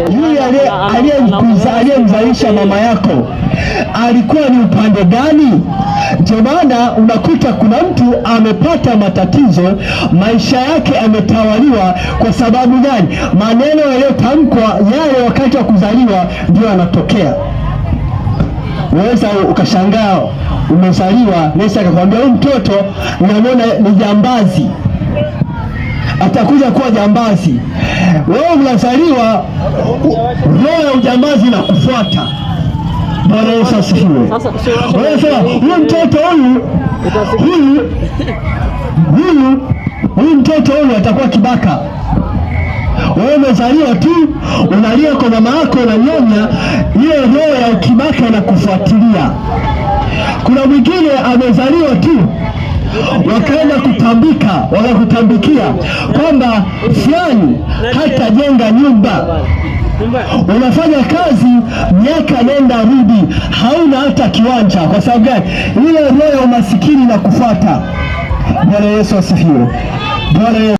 Yule aliyemzalisha mama yako alikuwa ni upande gani? Ndio maana unakuta kuna mtu amepata matatizo, maisha yake ametawaliwa. Kwa sababu gani? Maneno yaliyotamkwa yale wakati wa kuzaliwa ndio yanatokea. Unaweza ukashangaa umezaliwa, nesa akakwambia huyu mtoto, namona ni jambazi atakuja kuwa jambazi. Wewe unazaliwa roho ya ujambazi na kufuata. Bwana Yesu asifiwe. Sasa huyu mtoto huyu huyu huyu huyu mtoto huyu atakuwa kibaka. Wewe umezaliwa tu unalia kwa mama yako na nyonya, hiyo roho ya ukibaka na kufuatilia. Kuna mwingine amezaliwa tu wakaenda kutambika, wakakutambikia kwamba fulani hatajenga nyumba. Unafanya kazi miaka nenda rudi, hauna hata kiwanja. Kwa sababu gani? Ile roho ya umasikini na kufuata. Bwana Yesu asifiwe. Bwana